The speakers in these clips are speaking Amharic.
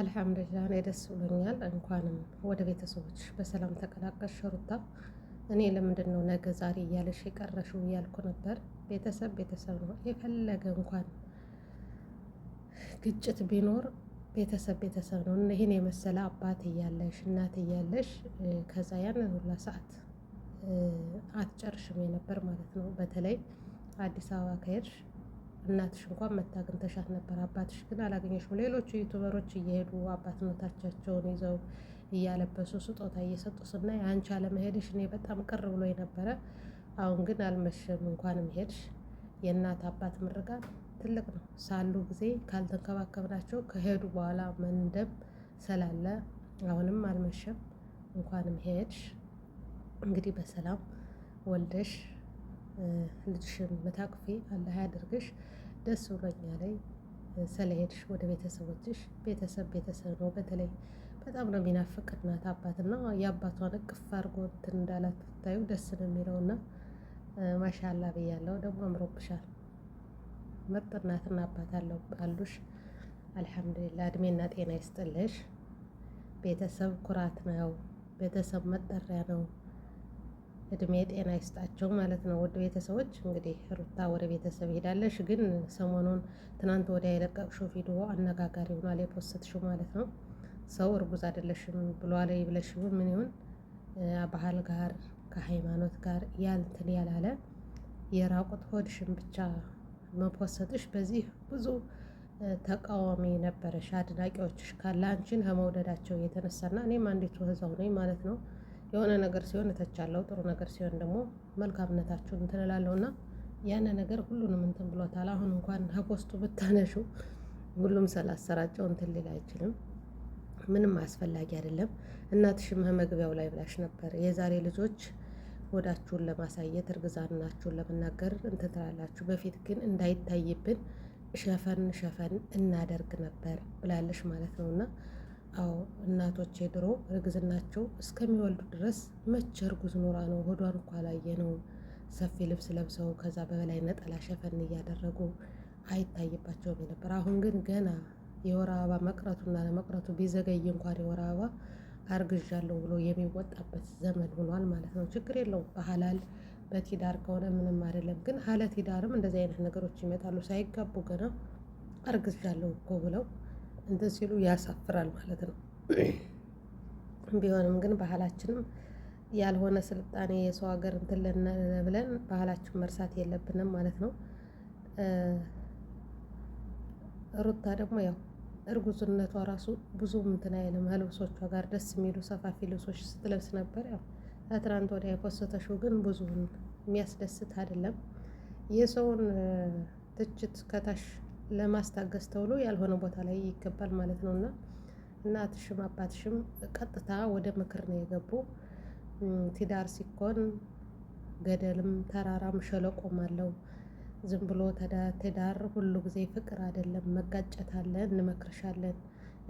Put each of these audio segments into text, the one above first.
አልሐምዱሊላህ እኔ ደስ ብሎኛል። እንኳንም ወደ ቤተሰቦች በሰላም ተቀላቀልሽ ሩታ። እኔ ለምንድን ነው ነገ ዛሬ እያለሽ የቀረሽው እያልኩ ነበር። ቤተሰብ ቤተሰብ ነው። የፈለገ እንኳን ግጭት ቢኖር ቤተሰብ ቤተሰብ ነው። ይህን የመሰለ አባት እያለሽ እናት እያለሽ ከዛ ያንን ሁላ ሰዓት አትጨርሽም የነበር ማለት ነው። በተለይ አዲስ አበባ ከሄድሽ እናትሽ እንኳን መታ ተሻት ነበር፣ አባትሽ ግን አላገኘሽም። ሌሎቹ ዩቱበሮች እየሄዱ አባት ይዘው እያለበሱ ስጦታ እየሰጡ ስናይ አንቺ አለመሄድሽ እኔ በጣም ቅር ብሎ የነበረ አሁን ግን አልመሸም። እንኳንም ሄድሽ። የእናት አባት ምርቃት ትልቅ ነው። ሳሉ ጊዜ ካልተንከባከብናቸው ከሄዱ በኋላ መንደብ ስላለ አሁንም አልመሸም። እንኳንም ሄድሽ። እንግዲህ በሰላም ወልደሽ ልጅሽን መታቅፊ አላህ ያድርግሽ። ደስ ብሎኛል ስለሄድሽ ወደ ቤተሰቦችሽ። ቤተሰብ ቤተሰብ ነው። በተለይ በጣም ነው የሚናፍቅ እናት አባትና የአባቷን እቅፍ አድርጎ እንትን እንዳላት ብታዩ ደስ ነው የሚለውና ማሻላ ብያለው። ደግሞ አምሮብሻል። ምርጥ እናትና አባት አሉሽ። አልሐምዱሊላ እድሜና ጤና ይስጥልሽ። ቤተሰብ ኩራት ነው። ቤተሰብ መጠሪያ ነው። እድሜ ጤና ይስጣቸው ማለት ነው። ወደ ቤተሰቦች እንግዲህ ሩታ ወደ ቤተሰብ ሄዳለሽ፣ ግን ሰሞኑን ትናንት ወዲያ የለቀቅሽው ቪዲዮ አነጋጋሪ ሆኗል። የፖስትሽው ማለት ነው። ሰው እርጉዝ አይደለሽም ብሏል ብለሽ ምን ይሁን ባህል ጋር ከሃይማኖት ጋር ያልትን ያላለ የራቁት ሆድሽን ብቻ መፖሰትሽ በዚህ ብዙ ተቃዋሚ ነበረሽ። አድናቂዎችሽ ካለ አንቺን ከመውደዳቸው የተነሳና እኔም አንዲቱ ህዛው ነኝ ማለት ነው የሆነ ነገር ሲሆን እተቻለሁ፣ ጥሩ ነገር ሲሆን ደግሞ መልካምነታችሁን እንትን እላለሁ እና ያን ነገር ሁሉንም እንትን ብሎታል። አሁን እንኳን ከፖስቱ ብታነሹ ሁሉም ስላሰራጨው እንትን ሊል አይችልም። ምንም አስፈላጊ አይደለም። እናትሽም መግቢያው ላይ ብላሽ ነበር የዛሬ ልጆች ሆዳችሁን ለማሳየት እርግዝናችሁን ለመናገር እንትን ትላላችሁ። በፊት ግን እንዳይታይብን ሸፈን ሸፈን እናደርግ ነበር ብላለሽ ማለት ነው እና አዎ እናቶች የድሮ እርግዝናቸው እስከሚወልዱ ድረስ መቼ እርጉዝ ኖራ ነው ሆዷን እንኳ ነው ሰፊ ልብስ ለብሰው ከዛ በበላይ ነጠላ ሸፈን እያደረጉ አይታይባቸውም ነበር። አሁን ግን ገና የወር አበባ መቅረቱና ለመቅረቱ ቢዘገይ እንኳን የወር አበባ አርግዣለሁ ብሎ የሚወጣበት ዘመን ሆኗል ማለት ነው። ችግር የለውም በሀላል በቲዳር ከሆነ ምንም አይደለም። ግን ሀለ ቲዳርም እንደዚህ አይነት ነገሮች ይመጣሉ። ሳይጋቡ ገና አርግዣለሁ እኮ ብለው እንትን ሲሉ ያሳፍራል ማለት ነው። ቢሆንም ግን ባህላችንም ያልሆነ ስልጣኔ የሰው ሀገር እንትን ብለን ባህላችን መርሳት የለብንም ማለት ነው። ሩታ ደግሞ ያው እርጉዝነቷ ራሱ ብዙ እንትን አይልም። ልብሶቿ ጋር ደስ የሚሉ ሰፋፊ ልብሶች ስትለብስ ነበር። ያው ከትናንት ወዲያ የፖስተሽው ግን ብዙን የሚያስደስት አይደለም። የሰውን ትችት ከታሽ ለማስታገስ ተብሎ ያልሆነ ቦታ ላይ ይገባል ማለት ነው እና እናትሽም አባትሽም ቀጥታ ወደ ምክር ነው የገቡ። ትዳር ሲኮን ገደልም ተራራም ሸለቆም አለው። ዝም ብሎ ትዳር ሁሉ ጊዜ ፍቅር አይደለም፣ መጋጨት አለ። እንመክርሻለን።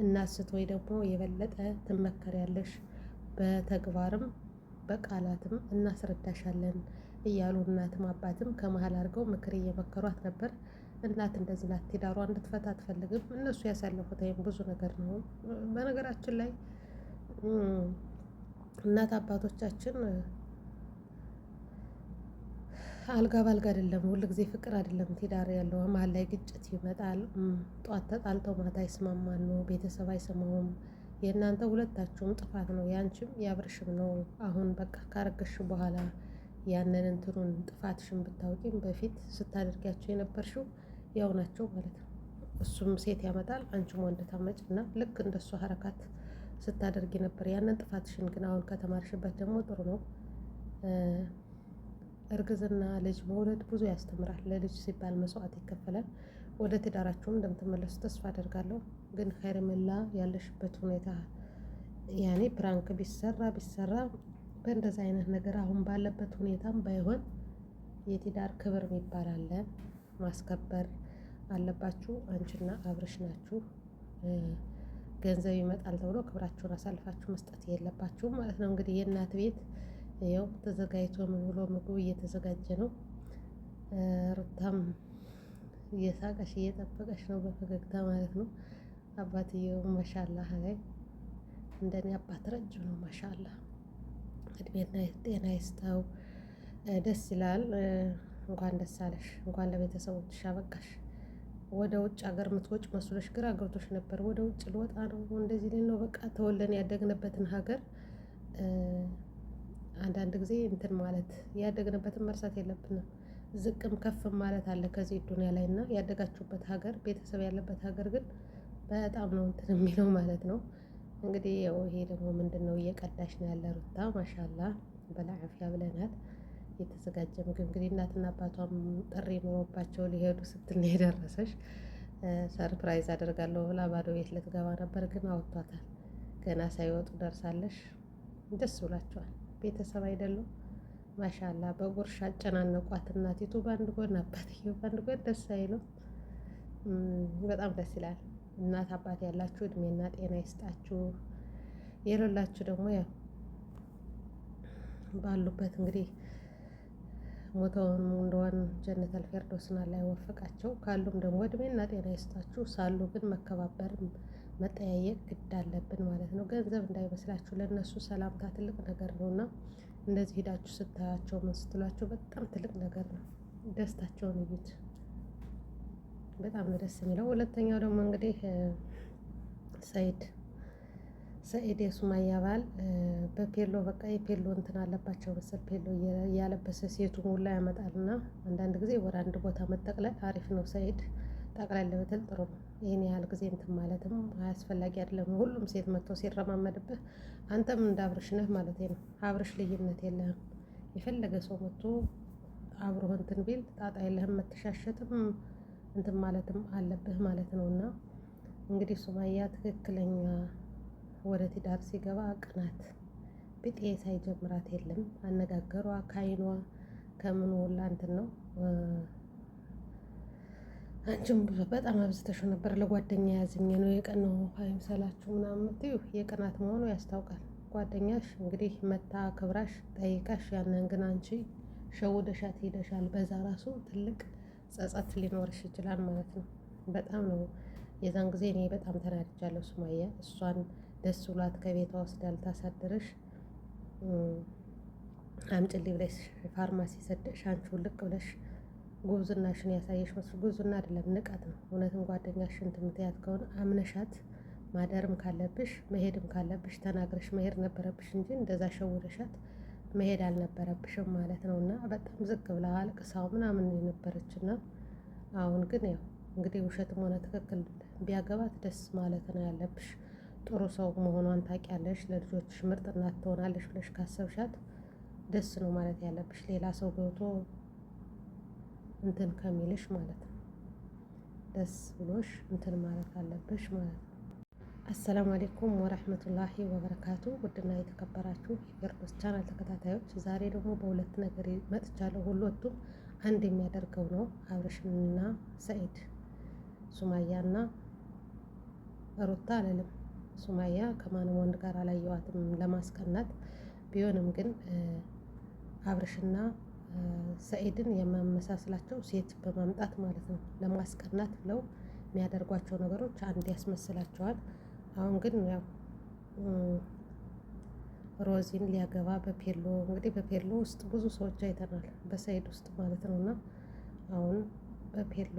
እናስት ወይ ደግሞ የበለጠ ትመከሪያለሽ። በተግባርም በቃላትም እናስረዳሻለን እያሉ እናትም አባትም ከመሀል አድርገው ምክር እየመከሯት ነበር። እናት እንደዚህ ናት፣ ትዳሯ እንድትፈታ አትፈልግም። እነሱ ያሳለፉት ይሄም ብዙ ነገር ነው። በነገራችን ላይ እናት አባቶቻችን አልጋ ባልጋ አይደለም፣ ሁል ጊዜ ፍቅር አይደለም ትዳር ያለው። መሀል ላይ ግጭት ይመጣል። ጧት ተጣልተው ማታ ይስማማሉ፣ ቤተሰብ አይሰማውም። የእናንተ ሁለታችሁም ጥፋት ነው፣ ያንቺም ያብርሽም ነው። አሁን በቃ ካረገሽ በኋላ ያንን እንትኑን ጥፋትሽን ብታውቂም በፊት ስታደርጊያቸው የነበርሽው ያው ናቸው ማለት ነው። እሱም ሴት ያመጣል፣ አንቺም ወንድ ታመጭ እና ልክ እንደሱ ሀረካት ስታደርጊ ነበር። ያንን ጥፋትሽን ግን አሁን ከተማርሽበት ደግሞ ጥሩ ነው። እርግዝና ልጅ መውለድ ብዙ ያስተምራል። ለልጅ ሲባል መስዋዕት ይከፈላል። ወደ ትዳራችሁም እንደምትመለሱ ተስፋ አደርጋለሁ። ግን ኸይርመላ ያለሽበት ሁኔታ ያኔ ፕራንክ ቢሰራ ቢሰራ በእንደዚ አይነት ነገር አሁን ባለበት ሁኔታም ባይሆን የትዳር ክብር የሚባል አለ ማስከበር አለባችሁ። አንቺና አብርሽ ናችሁ። ገንዘብ ይመጣል ተብሎ ክብራችሁን አሳልፋችሁ መስጠት የለባችሁ ማለት ነው። እንግዲህ የእናት ቤት ያው ተዘጋጅቶ ምን ብሎ ምግቡ እየተዘጋጀ ነው። ሩታም እየሳቀሽ እየጠበቀሽ ነው በፈገግታ ማለት ነው። አባትየው ማሻላ ላይ እንደኔ አባት ረጅም ነው ማሻላ። እድሜና ጤና ይስጠው። ደስ ይላል። እንኳን ደስ አለሽ። እንኳን ለቤተሰቦችሽ አበቃሽ። ወደ ውጭ ሀገር ምትወጭ መስሎሽ ግራ ገብቶሽ ነበር። ወደ ውጭ ልወጣ ነው እንደዚህ ነው በቃ ተወለን ያደግንበትን ሀገር አንዳንድ ጊዜ እንትን ማለት ያደግንበትን መርሳት የለብንም። ዝቅም ከፍም ማለት አለ ከዚህ ዱኒያ ላይ እና ያደጋችሁበት ሀገር ቤተሰብ ያለበት ሀገር ግን በጣም ነው እንትን የሚለው ማለት ነው። እንግዲህ ይሄ ደግሞ ምንድን ነው እየቀዳሽ ነው ያለ ሩታ ማሻላ በላ ብለናል። የተዘጋጀ ምግብ እንግዲህ እናትና አባቷም ጥሪ ኖሮባቸው ሊሄዱ ስትል ነው የደረሰሽ። ሰርፕራይዝ አደርጋለሁ ብላ ባዶ ቤት ልትገባ ነበር፣ ግን አወጥቷታል። ገና ሳይወጡ ደርሳለሽ። ደስ ብሏቸዋል። ቤተሰብ አይደሉም? ማሻላ በጉርሻ አጨናነቋት። እናቲቱ በአንድ ጎን፣ አባትየው በአንድ ጎን። ደስ አይሉም። በጣም ደስ ይላል። እናት አባት ያላችሁ እድሜና ጤና ይስጣችሁ፣ የሌላችሁ ደግሞ ያው ባሉበት እንግዲህ ሞተውን እንደዋን ጀነት አልፌርዶስና ላይ ወፈቃቸው። ካሉም ደግሞ እድሜና ጤና ይስጣችሁ። ሳሉ ግን መከባበር መጠያየቅ ግድ አለብን ማለት ነው። ገንዘብ እንዳይመስላችሁ ለእነሱ ሰላምታ ትልቅ ነገር ነው እና እንደዚህ ሂዳችሁ ስታያቸው ምን ስትሏቸው በጣም ትልቅ ነገር ነው። ደስታቸውን እዩት። በጣም ነው ደስ የሚለው። ሁለተኛው ደግሞ እንግዲህ ሰይድ ሰኢድ የሱማያ ባል በፔሎ በቃ የፔሎ እንትን አለባቸው መሰል ፔሎ እያለበሰ ሴቱ ሙላ ያመጣልና አንዳንድ ጊዜ ወደ አንድ ቦታ መጠቅለል አሪፍ ነው። ሰኢድ ጠቅለል ብትል ጥሩ ነው። ይህን ያህል ጊዜ እንትን ማለትም አያስፈላጊ አይደለም። ሁሉም ሴት መጥቶ ሲረማመድብህ አንተም እንደ አብርሽ ነህ ማለት ነው። አብርሽ ልዩነት የለህም። የፈለገ ሰው መጥቶ አብሮህ እንትን ቢል ጣጣ የለህም። መተሻሸትም እንትን ማለትም አለብህ ማለት ነው እና እንግዲህ ሱማያ ትክክለኛ ወደ ትዳር ሲገባ ቅናት ብጤ ሳይጀምራት የለም። አነጋገሯ፣ ካይኗ ከምን ወላ እንትን ነው። አንቺም በጣም አብዝተሽ ነበር። ለጓደኛ ያዝኝ ነው የቀናው ሀይም ምናምን የምትዩ የቅናት መሆኑ ያስታውቃል። ጓደኛሽ እንግዲህ መታ ክብራሽ ጠይቃሽ፣ ያንን ግን አንቺ ሸውደሻት ሄደሻል። በዛ ራሱ ትልቅ ጸጸት ሊኖርሽ ይችላል ማለት ነው። በጣም ነው የዛን ጊዜ እኔ በጣም ተናድጃለሁ ሱማያ እሷን ደስ ብሏት ከቤቷ ወስዳ ልታሳድርሽ አምጭልኝ ብለሽ ፋርማሲ ሰደሽ አንቺ ውልቅ ብለሽ ጉብዝናሽን ያሳየሽ መስሎ ጉብዝና አይደለም ንቀት ነው። እውነትም ጓደኛሽን ትምትያት ከሆነ አምነሻት ማደርም ካለብሽ መሄድም ካለብሽ ተናግረሽ መሄድ ነበረብሽ እንጂ እንደዛ ሸውደሻት መሄድ አልነበረብሽም ማለት ነው። እና በጣም ዝቅ ብላ አልቅሳው ምናምን የነበረች እና አሁን ግን ያው እንግዲህ ውሸትም ሆነ ትክክል ቢያገባት ደስ ማለት ነው ያለብሽ። ጥሩ ሰው መሆኗን ታውቂያለሽ፣ ለልጆችሽ ምርጥ እናት ትሆናለሽ ብለሽ ካሰብሻት ደስ ነው ማለት ያለብሽ፣ ሌላ ሰው ገብቶ እንትን ከሚልሽ ማለት ነው። ደስ ብሎሽ እንትን ማለት አለብሽ ማለት ነው። አሰላሙ አሌይኩም ወረህመቱላሂ ወበረካቱ። ውድና የተከበራችሁ የቅርስ ቻናል ተከታታዮች ዛሬ ደግሞ በሁለት ነገር መጥቻለሁ። ሁለቱም አንድ የሚያደርገው ነው። ሀብርሽና ሰኢድ ሱማያና ሩታ አለልም ሱማያ ከማንም ወንድ ጋር አላየዋትም ለማስቀናት ቢሆንም ግን አብርሽና ሰኢድን የማመሳስላቸው ሴት በማምጣት ማለት ነው። ለማስቀናት ብለው የሚያደርጓቸው ነገሮች አንድ ያስመስላቸዋል። አሁን ግን ያው ሮዚን ሊያገባ በፔሎ እንግዲህ በፔሎ ውስጥ ብዙ ሰዎች አይተናል፣ በሰኢድ ውስጥ ማለት ነው። እና አሁን በፔሎ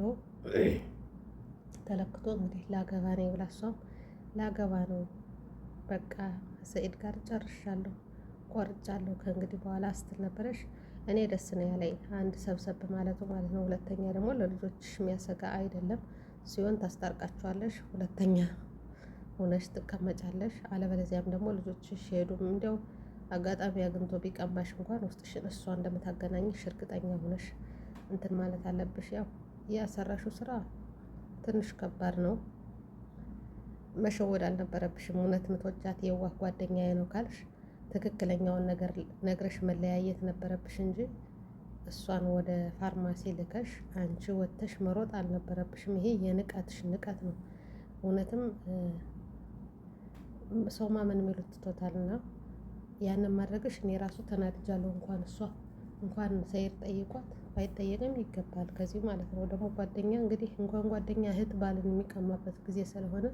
ተለክቶ እንግዲህ ላገባ ነው ብላ እሷም ላገባ ነው። በቃ ሰኢድ ጋር ጨርሻለሁ፣ ቆርጫለሁ ከእንግዲህ በኋላ ስትል ነበረሽ። እኔ ደስ ነው ያለኝ አንድ ሰብሰብ ማለቱ ማለት ነው። ሁለተኛ ደግሞ ለልጆችሽ የሚያሰጋ አይደለም ሲሆን ታስታርቃቸዋለሽ። ሁለተኛ ሆነሽ ትቀመጫለሽ። አለበለዚያም ደግሞ ልጆች ሲሄዱም እንዲያው አጋጣሚ አግኝቶ ቢቀማሽ እንኳን ውስጥሽን እሷ እንደምታገናኝሽ እርግጠኛ ሆነሽ እንትን ማለት አለብሽ። ያው ያሰራሹ ስራ ትንሽ ከባድ ነው። መሸወድ አልነበረብሽም። እውነት ምትወጃት የዋህ ጓደኛዬ ነው ካልሽ ትክክለኛውን ነገር ነግረሽ መለያየት ነበረብሽ እንጂ እሷን ወደ ፋርማሲ ልከሽ አንቺ ወጥተሽ መሮጥ አልነበረብሽም። ይሄ የንቀትሽ ንቀት ነው። እውነትም ሰው ማመን የሚሉት ትቶታልና ያንን ማድረግሽ እኔ ራሱ ተናድጃለሁ። እንኳን እሷ እንኳን ሰይር ጠይቋት ባይጠየቅም ይገባል። ከዚህ ማለት ነው ደግሞ ጓደኛ እንግዲህ እንኳን ጓደኛ እህት ባልን የሚቀማበት ጊዜ ስለሆነ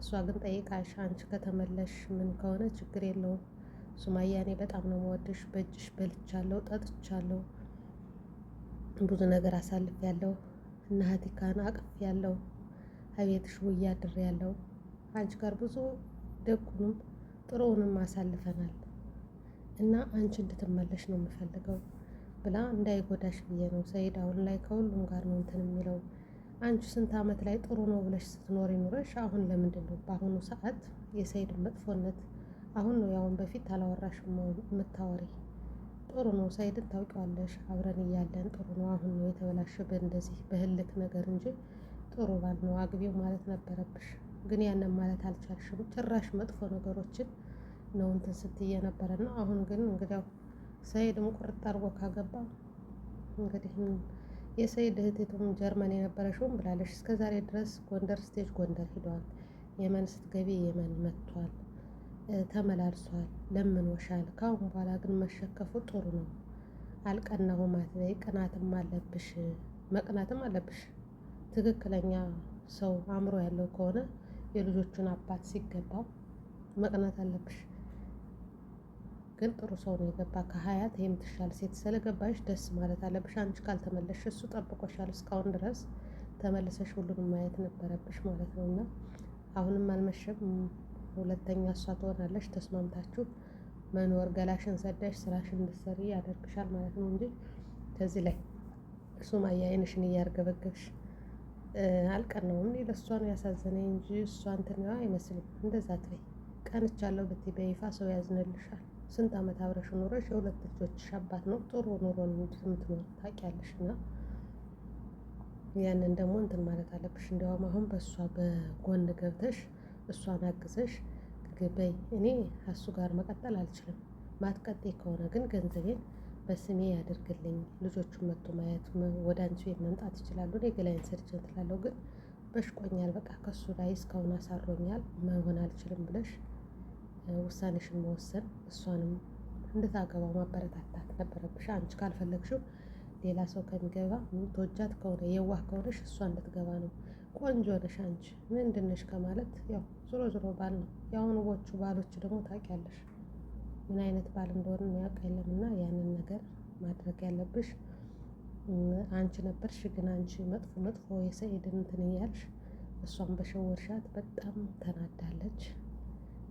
እሷ ግን ጠይቃሽ አንቺ ከተመለሽ ምን ከሆነ ችግር የለውም ሱማያ እኔ በጣም ነው መወድሽ፣ በእጅሽ በልቻለሁ፣ ጠጥቻለሁ፣ ብዙ ነገር አሳልፍ ያለው እና ሀቲካን አቅፍ ያለው አቤትሽ ውያ ድር ያለው አንቺ ጋር ብዙ ደጉንም ጥሩውንም አሳልፈናል እና አንቺ እንድትመለሽ ነው የምፈልገው ብላ እንዳይጎዳሽ ብዬ ነው ሰይድ አሁን ላይ ከሁሉም ጋር ነው እንትን የሚለው አንቺ ስንት ዓመት ላይ ጥሩ ነው ብለሽ ስትኖር ኑረሽ አሁን ለምንድን ነው በአሁኑ ሰዓት የሰይድን መጥፎነት አሁን ነው ያሁን በፊት አላወራሽ የምታወሪ? ጥሩ ነው ሰይድን ታውቂዋለሽ፣ አብረን እያለን ጥሩ ነው። አሁን ነው የተበላሸ በእንደዚህ በህልክ ነገር እንጂ ጥሩ ባል ነው አግቢው ማለት ነበረብሽ። ግን ያንን ማለት አልቻልሽም። ጭራሽ መጥፎ ነገሮችን ነው እንትን ስትይ የነበረ ነው። አሁን ግን እንግዲያው ሰይድም ቁርጥ አድርጎ ካገባ እንግዲህ የሰይድ እህቴቱም ጀርመን የነበረችውም ብላለች። እስከ ዛሬ ድረስ ጎንደር ስቴጅ ጎንደር ሂዷል። የመን ስትገቢ የመን መጥቷል፣ ተመላልሷል፣ ለምኖሻል። ካሁን በኋላ ግን መሸከፉ ጥሩ ነው። አልቀናሁም አትበይ፣ ቅናትም አለብሽ፣ መቅናትም አለብሽ። ትክክለኛ ሰው አእምሮ ያለው ከሆነ የልጆቹን አባት ሲገባው መቅናት አለብሽ። ግን ጥሩ ሰው ነው የገባ ከሀያት የምትሻል ሴት ስለገባሽ ደስ ማለት አለብሽ። አንቺ ካልተመለስሽ እሱ ጠብቆሻል እስካሁን ድረስ ተመልሰሽ ሁሉንም ማየት ነበረብሽ ማለት ነው። እና አሁንም አልመሸም። ሁለተኛ እሷ ትሆናለች። ተስማምታችሁ መኖር ገላሽን ሰዳሽ ስራሽ እንድትሰሪ ያደርግሻል ማለት ነው እንጂ ከዚህ ላይ ሱማያ አይንሽን እያርገበገብሽ አልቀናውም። እኔ ለእሷ ነው ያሳዘነኝ እንጂ እሷ እንትን አይመስልም። እንደዛ ትበይ ቀንቻለሁ ብትይ በይፋ ሰው ያዝንልሻል። ስንት ዓመት አብረሽ ኖረሽ የሁለት ልጆች አባት ነው። ጥሩ ኑሮ የምትኖር ታውቂያለሽ። እና ያንን ደግሞ እንትን ማለት አለብሽ። እንዲያውም አሁን በእሷ በጎን ገብተሽ እሷን አግዘሽ ግበይ። እኔ ከሱ ጋር መቀጠል አልችልም። ማትቀጤ ከሆነ ግን ገንዘቤን በስሜ ያደርግልኝ። ልጆቹን መጥቶ ማየት ወደ አንቺ ቤት መምጣት ይችላሉ። እኔ ገላይን ሰርጅን ትላለው። ግን በሽቆኛል፣ በቃ ከሱ ላይ እስካሁን አሳሮኛል፣ መሆን አልችልም ብለሽ ውሳኔሽን መወሰን እሷንም እንድታገባው ማበረታታት ነበረብሽ። አንቺ ካልፈለግሽው ሌላ ሰው ከሚገባ ተወጃት ከሆነ የዋህ ከሆነሽ እሷ እንድትገባ ነው። ቆንጆ ነሽ አንቺ ምንድነሽ ከማለት ያው ዞሮ ዞሮ ባል ነው። የአሁኑ ቦቹ ባሎች ደግሞ ታውቂያለሽ ምን አይነት ባል እንደሆነ ያውቅ የለም እና ያንን ነገር ማድረግ ያለብሽ አንቺ ነበርሽ። ግን አንቺ መጥፎ መጥፎ የሰኢድን እንትን እያልሽ እሷን በሸወርሻት በጣም ተናዳለች።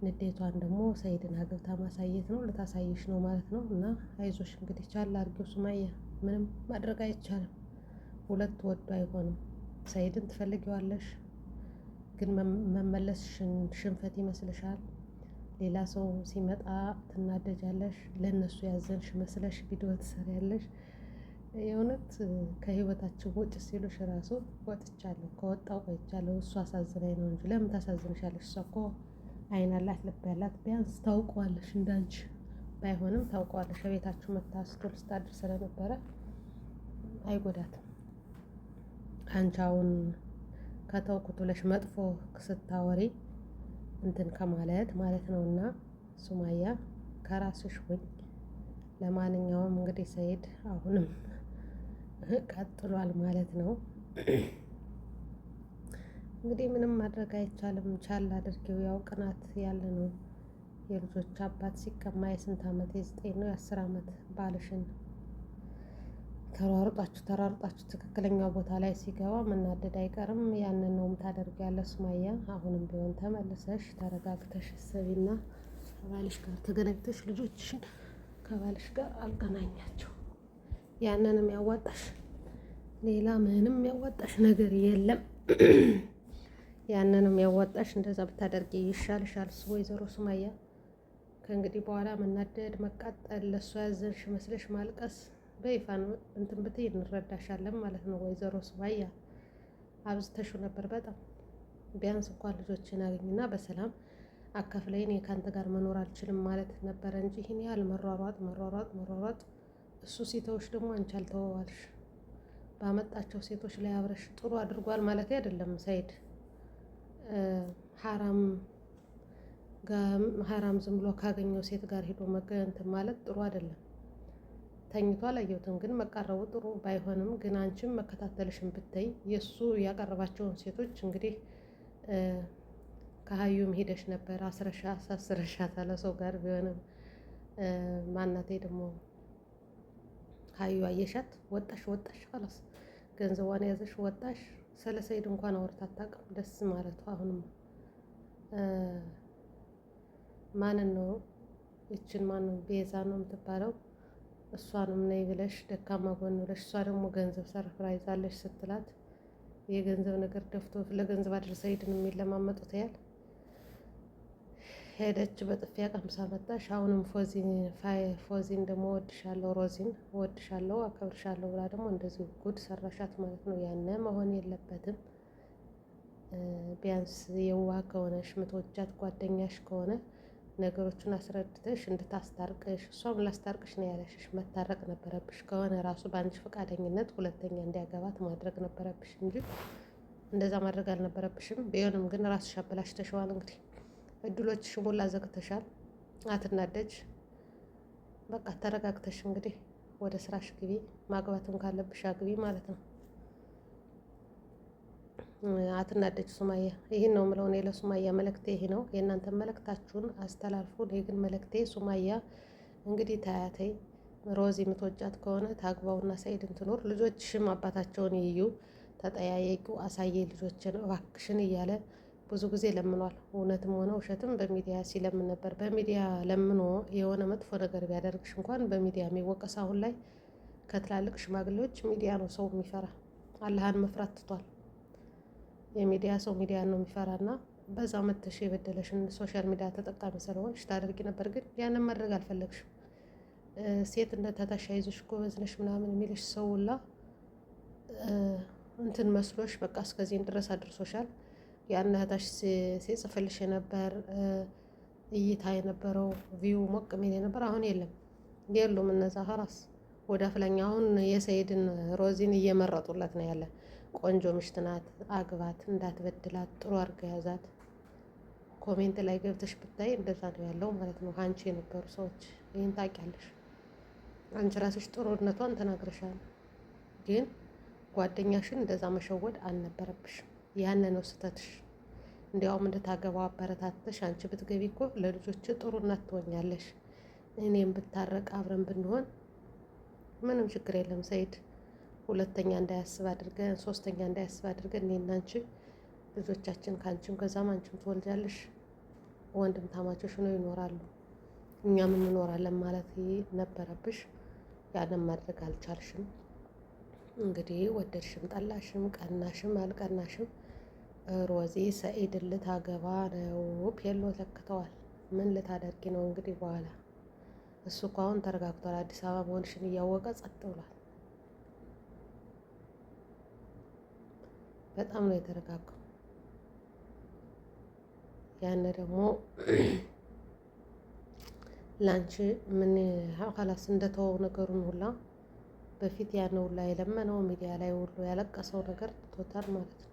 ንዴቷን ደግሞ ሰይድን አግብታ ማሳየት ነው፣ ልታሳየሽ ነው ማለት ነው። እና አይዞሽ እንግዲህ ቻል አድርጊው ሱማያ፣ ምንም ማድረግ አይቻልም። ሁለት ወዱ አይሆንም። ሰይድን ትፈልጊዋለሽ፣ ግን መመለስ ሽንፈት ይመስልሻል። ሌላ ሰው ሲመጣ ትናደጃለሽ። ለእነሱ ያዘንሽ መስለሽ ቪዲዮ ትሰሪያለሽ። የእውነት ከህይወታችን ውጭ ሲሉሽ ራሱ ወጥቻለሁ፣ ከወጣው ቆይቻለሁ። እሱ አሳዝናኝ ነው እንጂ ለምን ታሳዝንሻለሽ? እሷ እኮ አይን አላት ልብ ያላት ቢያንስ ታውቀዋለሽ፣ እንዳንች ባይሆንም ታውቀዋለሽ። ከቤታችሁ መታ ስቶል ስታድር ስለነበረ አይጎዳትም። አንቺ አሁን ከተውኩት ብለሽ መጥፎ ስታወሪ እንትን ከማለት ማለት ነው። እና ሱማያ ከራስሽ ሁኝ። ለማንኛውም እንግዲህ ሰይድ አሁንም ቀጥሏል ማለት ነው። እንግዲህ ምንም ማድረግ አይቻልም። ቻል አድርጌው ያው ቅናት ያለ ነው። የልጆች አባት ሲቀማ የስንት ዓመት የዘጠኝ ነው የአስር ዓመት ባልሽን ተሯርጣችሁ ተሯርጣችሁ ትክክለኛው ቦታ ላይ ሲገባ መናደድ አይቀርም። ያንን ነው ያለ ሱማያ። አሁንም ቢሆን ተመልሰሽ ተረጋግተሽ እሰቢና ከባልሽ ጋር ተገናኝተሽ ልጆችሽን ከባልሽ ጋር አገናኛቸው። ያንንም ያዋጣሽ ሌላ ምንም ያዋጣሽ ነገር የለም። ያንንም ያዋጣሽ እንደዛ ብታደርጊ ይሻልሻል። እሱ ወይዘሮ ሱማያ ከእንግዲህ በኋላ መናደድ፣ መቃጠል፣ ለእሱ ያዘንሽ መስለሽ ማልቀስ በይፋን እንትን ብትይ እንረዳሻለን ማለት ነው። ወይዘሮ ሱማያ አብዝተሹ ነበር በጣም ቢያንስ እንኳን ልጆችን አገኝና በሰላም አካፍለኝ፣ እኔ ከአንተ ጋር መኖር አልችልም ማለት ነበረ እንጂ ይህን ያህል መሯሯጥ መሯሯጥ መሯሯጥ እሱ ሲተውሽ ደግሞ አንቺ አልተወዋልሽ። ባመጣቸው ሴቶች ላይ አብረሽ ጥሩ አድርጓል ማለት አይደለም ሰይድ ሀራም ሀራም ዝም ብሎ ካገኘው ሴት ጋር ሄዶ መገንትን ማለት ጥሩ አይደለም። ተኝቶ አላየሁትም፣ ግን መቃረቡ ጥሩ ባይሆንም ግን አንቺም መከታተልሽን ብታይ የእሱ ያቀረባቸውን ሴቶች እንግዲህ ከሀዩም ሄደሽ ነበር አስረሻ ሳስረሻ ታለ ሰው ጋር ቢሆንም ማናቴ ደግሞ ሀዩ አየሻት፣ ወጣሽ ወጣሽ፣ ኸላስ ገንዘቧን ያዘሽ ወጣሽ። ስለ ሰይድ እንኳን አውርታ አታውቅም። ደስ ማለቱ አሁንም ማንን ነው ይችን ማን ነው ቤዛ ነው የምትባለው እሷንም ነይ ብለሽ ደካማ ጎን ብለሽ እሷ ደግሞ ገንዘብ ሰርፍራ ይዛለሽ ስትላት የገንዘብ ነገር ደፍቶ ለገንዘብ አድር ሰይድን የሚለማመጡት ያል ሄደች በጥፊ ቀምሳ መጣሽ። አሁንም ፎዚን ደግሞ ወድሻለሁ፣ ሮዚን ወድሻለሁ፣ አከብርሻለሁ ብላ ደግሞ እንደዚህ ጉድ ሰራሻት ማለት ነው። ያነ መሆን የለበትም። ቢያንስ የዋ ከሆነ ሽምቶቻት ጓደኛሽ ከሆነ ነገሮቹን አስረድተሽ እንድታስታርቅሽ እሷም ላስታርቅሽ ነው ያለሽሽ። መታረቅ ነበረብሽ ከሆነ ራሱ በአንቺ ፈቃደኝነት ሁለተኛ እንዲያገባት ማድረግ ነበረብሽ እንጂ እንደዛ ማድረግ አልነበረብሽም። ቢሆንም ግን ራስሽ አበላሽተሽዋል እንግዲህ እድሎች ሽሞላ ዘግተሻል። አትናደጅ። በቃ ተረጋግተሽ እንግዲህ ወደ ስራሽ ግቢ። ማግባትም ካለብሽ አግቢ ማለት ነው። አትናደጅ ሱማያ። ይህን ነው የምለው እኔ ለሱማያ መልእክቴ ይሄ ነው። የእናንተ መልእክታችሁን አስተላልፉ። እኔ ግን መልእክቴ ሱማያ እንግዲህ ታያተይ ሮዚ የምትወጫት ከሆነ ታግባውና ሰኢድን ትኖር። ልጆችሽም አባታቸውን ይዩ፣ ተጠያየቁ፣ አሳየ ልጆችን እባክሽን እያለ ብዙ ጊዜ ለምኗል። እውነትም ሆነ ውሸትም በሚዲያ ሲለምን ነበር። በሚዲያ ለምኖ የሆነ መጥፎ ነገር ቢያደርግሽ እንኳን በሚዲያ የሚወቀስ አሁን ላይ ከትላልቅ ሽማግሌዎች ሚዲያ ነው ሰው የሚፈራ። አላህን መፍራት ትቷል። የሚዲያ ሰው ሚዲያ ነው የሚፈራና በዛ መተሽ የበደለሽን ሶሻል ሚዲያ ተጠቃሚ ስለሆንሽ ታደርጊ ነበር፣ ግን ያንን ማድረግ አልፈለግሽም። ሴት እንደ ተታሻ ይዞሽ ጎበዝ ነሽ ምናምን የሚልሽ ሰውላ እንትን መስሎሽ በቃ እስከዚህም ድረስ አድርሶሻል። ያን እህታሽ ሲጽፍልሽ የነበር እይታ የነበረው ቪው ሞቅ የሚል የነበር አሁን የለም የሉም። እነዛ ሀራስ ወደ ፍለኛ አሁን የሰይድን ሮዚን እየመረጡለት ነው ያለ። ቆንጆ ምሽት ናት፣ አግባት፣ እንዳትበድላት፣ ጥሩ አድርጋ ያዛት። ኮሜንት ላይ ገብተሽ ብታይ እንደዛ ነው ያለው ማለት ነው። አንቺ የነበሩ ሰዎች ይህን ታውቂያለሽ። አንቺ ራስሽ ጥሩነቷን ተናግረሻል፣ ግን ጓደኛሽን እንደዛ መሸወድ አልነበረብሽም። ያለ ነው ስተትሽ። እንዲያውም እንድታገባው አበረታተሽ አንቺ ብትገቢ እኮ ለልጆች ጥሩ እናት ትሆኛለሽ። እኔም ብታረቅ አብረን ብንሆን ምንም ችግር የለም ሰይድ። ሁለተኛ እንዳያስብ አድርገን ሶስተኛ እንዳያስብ አድርገን እኔና አንቺ ልጆቻችን ከአንቺም ከዛም አንቺም ትወልጃለሽ፣ ወንድም ታማቾች ነው ይኖራሉ፣ እኛም እንኖራለን ማለት ነበረብሽ። ያንን ማድረግ አልቻልሽም። እንግዲህ ወደድሽም ጠላሽም ቀናሽም አልቀናሽም ሮዚ ሰኢድን ልታገባ ነው ፔሎ ለክተዋል። ምን ልታደርጊ ነው እንግዲህ በኋላ እሱ እኮ አሁን ተረጋግቷል። አዲስ አበባ መሆንሽን እያወቀ ጸጥ ብሏል። በጣም ነው የተረጋጋው። ያን ደግሞ ላንቺ ምን ሀላስ እንደተወው ነገሩን ሁላ በፊት ያን ሁላ የለመነው ሚዲያ ላይ ሁሉ ያለቀሰው ነገር ቶታል ማለት ነው።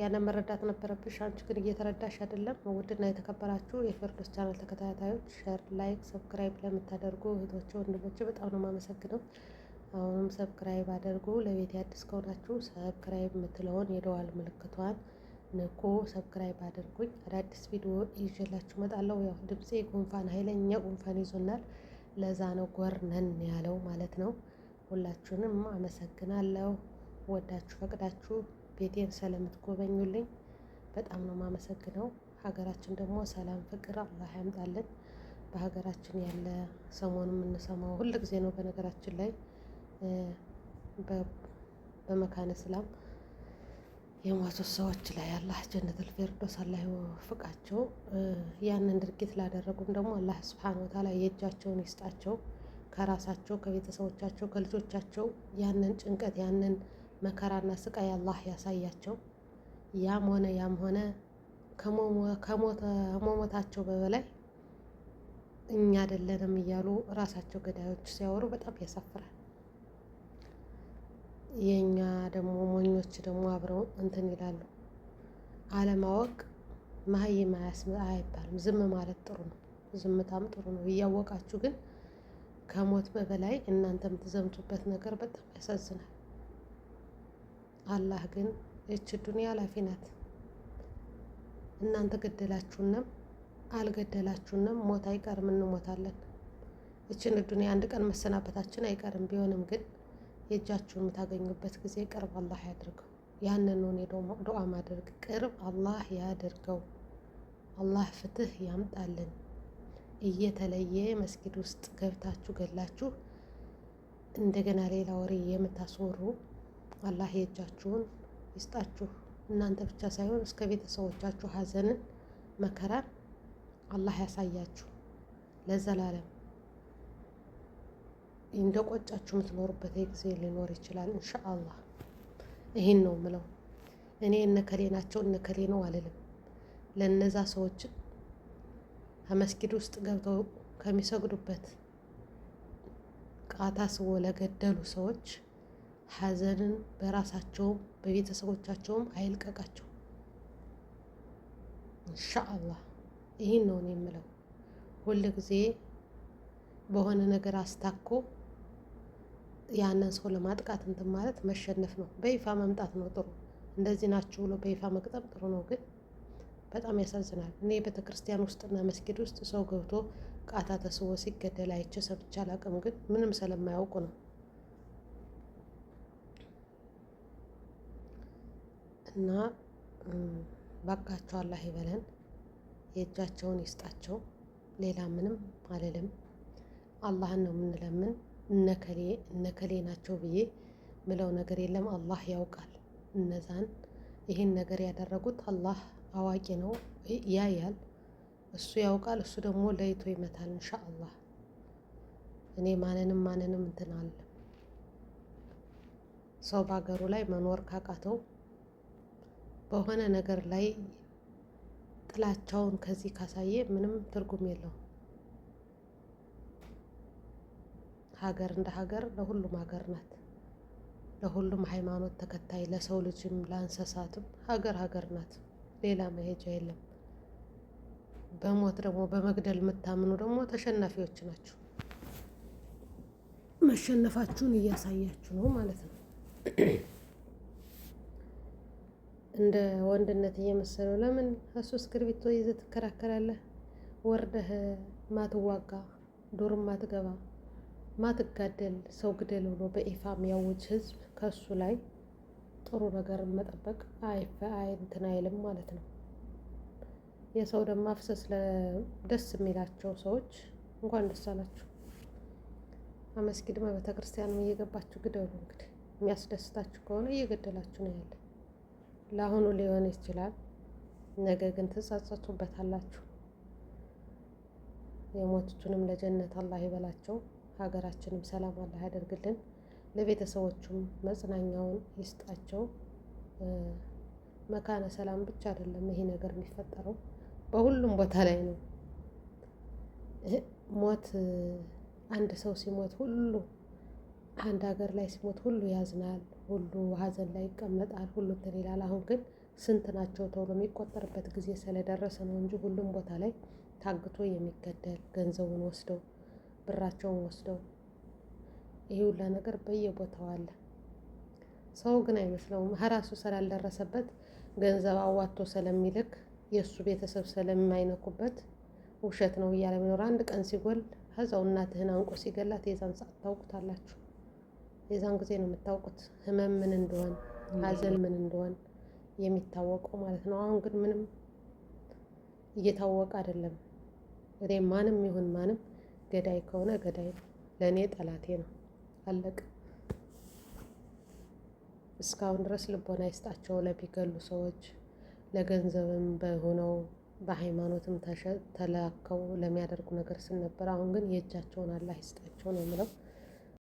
ያለ መረዳት ነበረብሽ። አንቺ ግን እየተረዳሽ አይደለም። ውድና የተከበራችሁ የፌርዶስ ቻናል ተከታታዮች ሸር፣ ላይክ፣ ሰብስክራይብ ለምታደርጉ እህቶቼ ወንድሞቼ በጣም ነው የማመሰግነው። አሁንም ሰብስክራይብ አድርጉ። ለቤት አዲስ ከሆናችሁ ሰብስክራይብ የምትለውን የደዋል ምልክቷን ንኮ ሰብስክራይብ አድርጉኝ። አዳዲስ ቪዲዮ ይዤላችሁ እመጣለሁ። ያው ድምፄ ጉንፋን፣ ኃይለኛ ጉንፋን ይዞናል። ለዛ ነው ጎርነን ያለው ማለት ነው። ሁላችሁንም አመሰግናለሁ። ወዳችሁ ፈቅዳችሁ ቤቴን ስለምትጎበኙልኝ በጣም ነው የማመሰግነው። ሀገራችን ደግሞ ሰላም፣ ፍቅር አላህ ያምጣልን። በሀገራችን ያለ ሰሞኑ የምንሰማው ሁል ጊዜ ነው። በነገራችን ላይ በመካነ ስላም የሞቱት ሰዎች ላይ አላህ ጀነተል ፊርዶስ አላህ ይወፍቃቸው። ያንን ድርጊት ላደረጉም ደግሞ አላህ ስብሓን ወተዓላ የእጃቸውን ይስጣቸው ከራሳቸው ከቤተሰቦቻቸው ከልጆቻቸው ያንን ጭንቀት ያንን መከራና ስቃይ አላህ ያሳያቸው። ያም ሆነ ያም ሆነ ከመሞታቸው በበላይ እኛ አይደለንም እያሉ ራሳቸው ገዳዮች ሲያወሩ በጣም ያሳፍራል። የእኛ ደግሞ ሞኞች ደግሞ አብረው እንትን ይላሉ። አለማወቅ መሀይም አይባልም። ዝም ማለት ጥሩ ነው፣ ዝምታም ጥሩ ነው። እያወቃችሁ ግን ከሞት በበላይ እናንተ የምትዘምቱበት ነገር በጣም ያሳዝናል። አላህ ግን ይች ዱንያ ላፊ ናት። እናንተ ገደላችሁንም አልገደላችሁንም ሞት አይቀርም፣ እንሞታለን። እችን ዱንያ አንድ ቀን መሰናበታችን አይቀርም። ቢሆንም ግን የእጃችሁን የምታገኙበት ጊዜ ቅርብ አላህ ያድርገው። ያንን ነው ማድረግ፣ ቅርብ አላህ ያድርገው። አላህ ፍትህ ያምጣልን። እየተለየ መስጊድ ውስጥ ገብታችሁ ገላችሁ እንደገና ሌላ ወሬ የምታስወሩ አላህ የእጃችሁን ይስጣችሁ። እናንተ ብቻ ሳይሆን እስከ ቤተሰቦቻችሁ ሀዘንን፣ መከራን አላህ ያሳያችሁ ለዘላለም። እንደ ቆጫችሁ የምትኖሩበት ጊዜ ሊኖር ይችላል። እንሻአላህ ይህን ነው ምለው። እኔ እነከሌ ናቸው እነከሌ ነው አልልም። ለእነዛ ሰዎች ከመስጊድ ውስጥ ገብተው ከሚሰግዱበት ቃታ ስቦ ለገደሉ ሰዎች ሐዘንን በራሳቸውም በቤተሰቦቻቸውም አይልቀቃቸው። እንሻአላህ ይህን ነው የምለው። ሁል ጊዜ በሆነ ነገር አስታኮ ያንን ሰው ለማጥቃት እንትን ማለት መሸነፍ ነው። በይፋ መምጣት ነው ጥሩ። እንደዚህ ናችሁ ብሎ በይፋ መቅጠም ጥሩ ነው፣ ግን በጣም ያሳዝናል። እኔ ቤተ ክርስቲያን ውስጥና መስጊድ ውስጥ ሰው ገብቶ ቃታ ተስቦ ሲገደል አይቼ ሰምቼ አላቅም፣ ግን ምንም ስለማያውቁ ነው። እና ባካቸው አላህ ይበለን፣ የእጃቸውን ይስጣቸው። ሌላ ምንም አልልም። አላህን ነው የምንለምን። እነከሌ እነከሌ ናቸው ብዬ ምለው ነገር የለም። አላህ ያውቃል እነዛን ይህን ነገር ያደረጉት አላህ አዋቂ ነው፣ ያያል፣ እሱ ያውቃል። እሱ ደግሞ ለይቶ ይመታል እንሻአላህ። እኔ ማንንም ማንንም እንትን አለ ሰው በሀገሩ ላይ መኖር ካቃተው በሆነ ነገር ላይ ጥላቻውን ከዚህ ካሳየ ምንም ትርጉም የለውም። ሀገር እንደ ሀገር ለሁሉም ሀገር ናት፣ ለሁሉም ሃይማኖት ተከታይ፣ ለሰው ልጅም ለእንስሳትም ሀገር ሀገር ናት። ሌላ መሄጃ የለም። በሞት ደግሞ በመግደል የምታምኑ ደግሞ ተሸናፊዎች ናቸው። መሸነፋችሁን እያሳያችሁ ነው ማለት ነው። እንደ ወንድነት እየመሰለው ለምን እሱ እስክርቢቶ ይዘህ ትከራከራለህ? ወርደህ ማትዋጋ ዱር ማትገባ ማትጋደል ሰው ግደል ብሎ በኢፋም የሚያውጅ ህዝብ ከሱ ላይ ጥሩ ነገር መጠበቅ አይፈ እንትን አይልም ማለት ነው። የሰው ደም ማፍሰስ ለደስ የሚላቸው ሰዎች እንኳን ደስ አላችሁ። አመስጊድማ ቤተክርስቲያንም እየገባችሁ ግደሉ። እንግዲህ የሚያስደስታችሁ ከሆነ እየገደላችሁ ነው ያለ ለአሁኑ ሊሆን ይችላል፣ ነገ ግን ትጸጸቱበታላችሁ። የሞቱትንም ለጀነት አላህ ይበላቸው። ሀገራችንም ሰላም አላህ ያደርግልን። ለቤተሰቦቹም መጽናኛውን ይስጣቸው። መካነ ሰላም ብቻ አይደለም ይሄ ነገር የሚፈጠረው በሁሉም ቦታ ላይ ነው። ሞት አንድ ሰው ሲሞት ሁሉ አንድ ሀገር ላይ ሲሞት ሁሉ ያዝናል። ሁሉ ሀዘን ላይ ይቀመጣል፣ ሁሉ እንትን ይላል። አሁን ግን ስንት ናቸው ተብሎ የሚቆጠርበት ጊዜ ስለደረሰ ነው እንጂ ሁሉም ቦታ ላይ ታግቶ የሚገደል ገንዘቡን ወስደው ብራቸውን ወስደው ይህ ሁላ ነገር በየቦታው አለ። ሰው ግን አይመስለውም። ራሱ ስላልደረሰበት ገንዘብ አዋጥቶ ስለሚልክ የእሱ ቤተሰብ ስለማይነኩበት ውሸት ነው እያለ ቢኖር አንድ ቀን ሲጎል ከዛው እናትህን አንቆ ሲገላት የዛን ሰዓት ታውቁታላችሁ። የዛን ጊዜ ነው የምታውቁት ህመም ምን እንደሆን ሀዘን ምን እንደሆን የሚታወቀው ማለት ነው። አሁን ግን ምንም እየታወቀ አይደለም። እኔ ማንም ይሁን ማንም ገዳይ ከሆነ ገዳይ ነው፣ ለእኔ ጠላቴ ነው። አለቅ እስካሁን ድረስ ልቦና ይስጣቸው ለሚገሉ ሰዎች፣ ለገንዘብም በሆነው በሃይማኖትም ተላከው ለሚያደርጉ ነገር ስንነበር፣ አሁን ግን የእጃቸውን አላህ ይስጣቸው ነው የምለው።